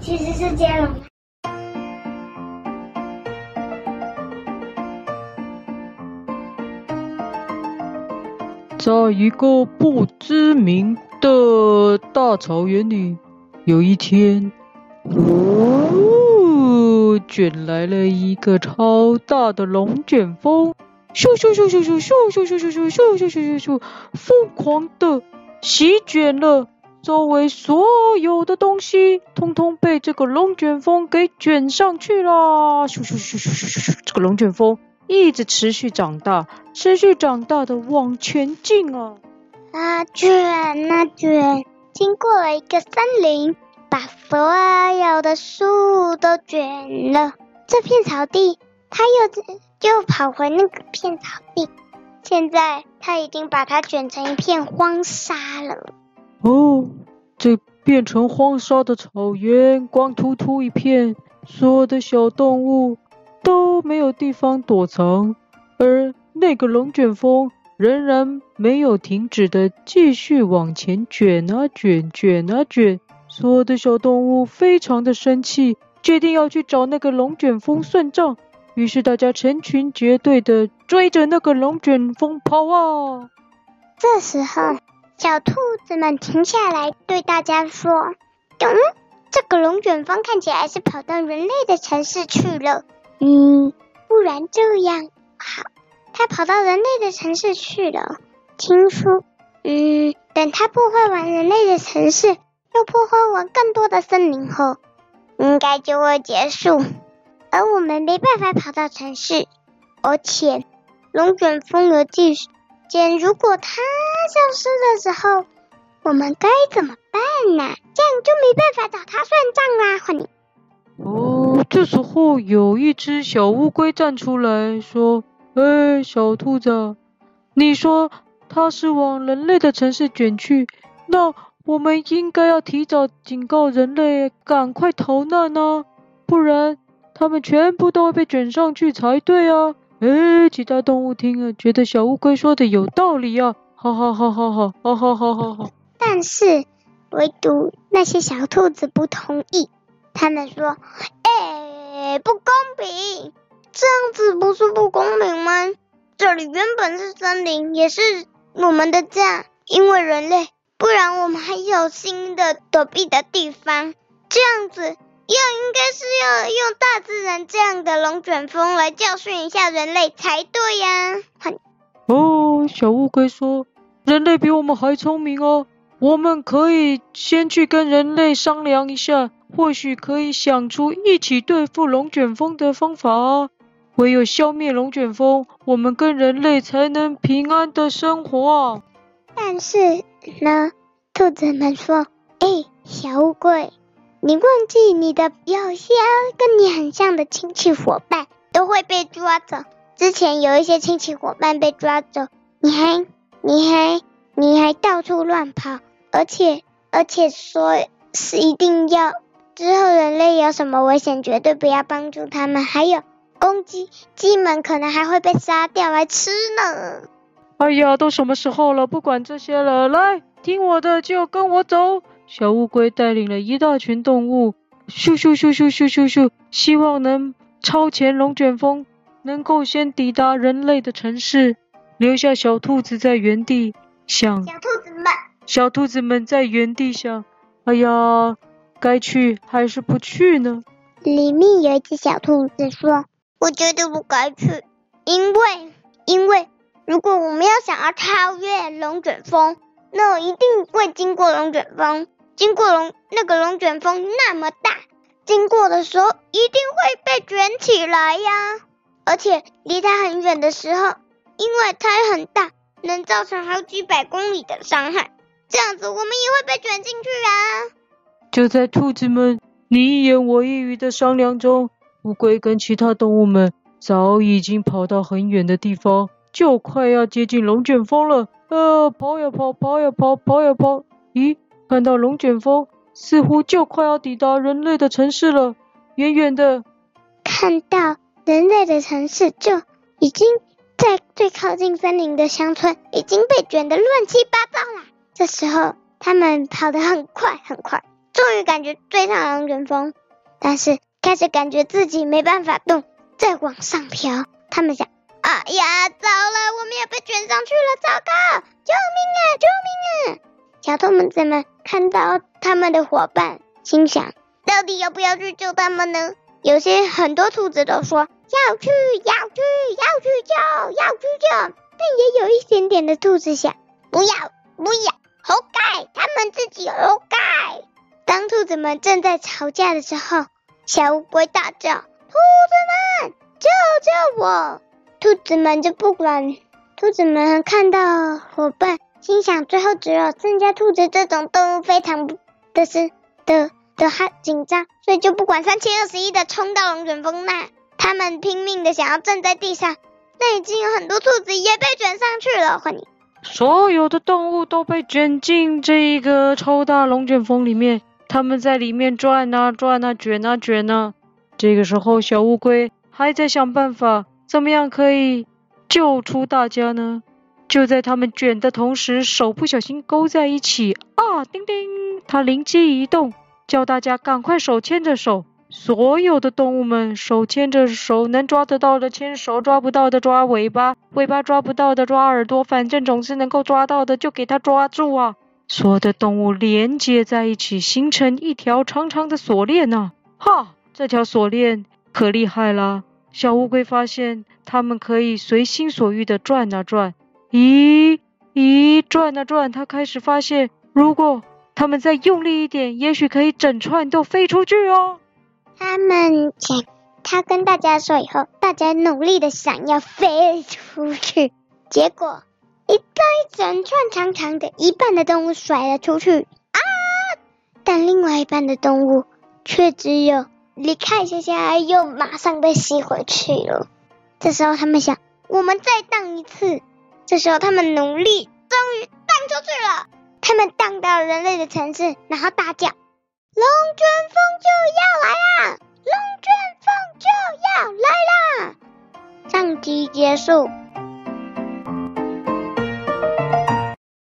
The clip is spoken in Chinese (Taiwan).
其實是接龍。在一個不知名的大草原裡，有一天，嗚、哦，捲來了一個超大的龍捲風，咻咻咻咻咻咻咻咻咻咻咻咻咻，瘋狂的席捲了。周圍所有的東西，通通被這個龍捲風給捲上去了。咻咻咻咻咻咻，這個龍捲風一直持續長大，持續長大的往前進啊。啊，捲啊捲！經過了一個森林，把所有的樹都捲了。這片草地，它又又跑回那個片草地。現在，它已經把它捲成一片荒沙了。哦，這變成荒沙的草原，光禿禿一片，所有的小動物都沒有地方躲藏，而那個龍捲風仍然沒有停止的繼續往前捲啊捲，捲啊捲，所有的小動物非常的生氣，決定要去找那個龍捲風算賬，於是大家成群結隊的追着那個龍捲風跑啊，這時候。小兔子們停下來，對大家說：“嗯，這個龍捲風看起來是跑到人類的城市去了。嗯，不然這樣好，它跑到人類的城市去了。聽說，嗯，等它破壞完人類的城市，又破壞完更多的森林後，應該就會結束。而我們沒辦法跑到城市，而且龍捲風的技。”如果他消失的時候，我們該怎麼辦呢？這樣就沒辦法找他算賬啦！哦，這時候有一只小烏龜站出來說：“哎，小兔子，你說他是往人類的城市卷去，那我們應該要提早警告人類，趕快逃難呢，啊，不然他們全部都會被卷上去才對啊！”哎，其他動物聽了、啊，覺得小烏龜說的有道理呀、啊，好好好好好好好好好好。但是，唯獨那些小兔子不同意，他們說，哎，不公平，這樣子不是不公平嗎？這裡原本是森林，也是我們的家，因為人類，不然我們還有新的躲避的地方，這樣子。要應該是要用大自然這樣的龍捲風來教訓一下人類才對呀！哦，小烏龜說：“人類比我們還聰明哦，我們可以先去跟人類商量一下，或許可以想出一起對付龍捲風的方法啊。唯有消滅龍捲風，我們跟人類才能平安的生活啊。”但是呢，兔子們說：“哎，小烏龜。”你忘記你的表現跟你很像的親戚夥伴都會被抓走，之前有一些親戚夥伴被抓走，你還你還你還到處亂跑，而且而且說是一定要之後人類有什麼危險絕對不要幫助他們，還有公雞雞們可能還會被殺掉來吃呢。哎呀，都什麼時候了，不管這些了，來，聽我的，就跟我走。小烏龜帶領了一大群動物，咻咻咻咻咻咻咻，希望能超前龍捲風，能夠先抵達人類的城市，留下小兔子在原地想。小兔子們，小兔子們在原地想，哎呀，該去還是不去呢？裡面有一隻小兔子說：“我絕對不該去，因為因為如果我們要想要超越龍捲風，那我一定會經過龍捲風。”經過龍那個龍捲風那麼大，經過的時候一定會被捲起來呀。而且離它很遠的時候，因為它很大，能造成好幾百公里的傷害，這樣子我們也會被捲進去啊。就在兔子們你一言我一語的商量中，烏龜跟其他動物們早已經跑到很遠的地方，就快要接近龍捲風了。呃，跑呀跑，跑呀跑，跑呀跑。咦？看到龍捲風似乎就快要抵達人類的城市了，遠遠的看到人類的城市就已經在最靠近森林的鄉村已經被卷得亂七八糟了。這時候他們跑得很快很快，終於感覺追上龍捲風，但是開始感覺自己沒辦法動，在往上飄。他們想：哎呀，糟了，我們要被卷上去了！糟糕，救命啊，救命啊！小兔們怎麼？看到他們的夥伴，心想到底要不要去救他們呢？有些很多兔子都說要去，要去，要去救，要去救。但也有一點點的兔子想不要，不要，活該，他們自己活該。當兔子們正在吵架的時候，小烏龜大叫：“兔子們，救救我！”兔子們就不管。兔子們看到夥伴。心想，最後只有剩下兔子這種動物非常不，但是的的哈緊張，所以就不管三七二十一的衝到龍捲風那。他們拼命的想要站在地上，那已經有很多兔子也被捲上去了。歡迎，所有的動物都被捲進這個超大龍捲風裡面，他們在裡面轉啊轉啊，捲啊捲啊，啊。這個時候，小烏龜還在想辦法，怎麼樣可以救出大家呢？就在他們捲的同時，手不小心勾在一起啊！叮叮，他靈機一動，叫大家趕快手牽着手。所有的動物們手牽着手，能抓得到的牽手，抓不到的抓尾巴，尾巴抓不到的抓耳朵，反正總是能夠抓到的就給它抓住啊！所有的動物連接在一起，形成一條長長的鎖鏈呢、啊。哈，這條鎖鏈可厲害了！小烏龜發現，它們可以隨心所欲地轉啊轉。咦咦，轉啊轉，他開始發現，如果他們再用力一點，也許可以整串都飛出去哦。他們想，他跟大家說以後，大家努力的想要飛出去，結果一盪，整串長長的，一半的動物甩了出去啊！但另外一半的動物卻只有離開一下又馬上被吸回去了。這時候他們想，我們再盪一次。這時候，他們努力，終於盪出去了。他們盪到了人類的城市，然後大叫：“龍捲風就要來啦！龍捲風就要來啦！”上集結束。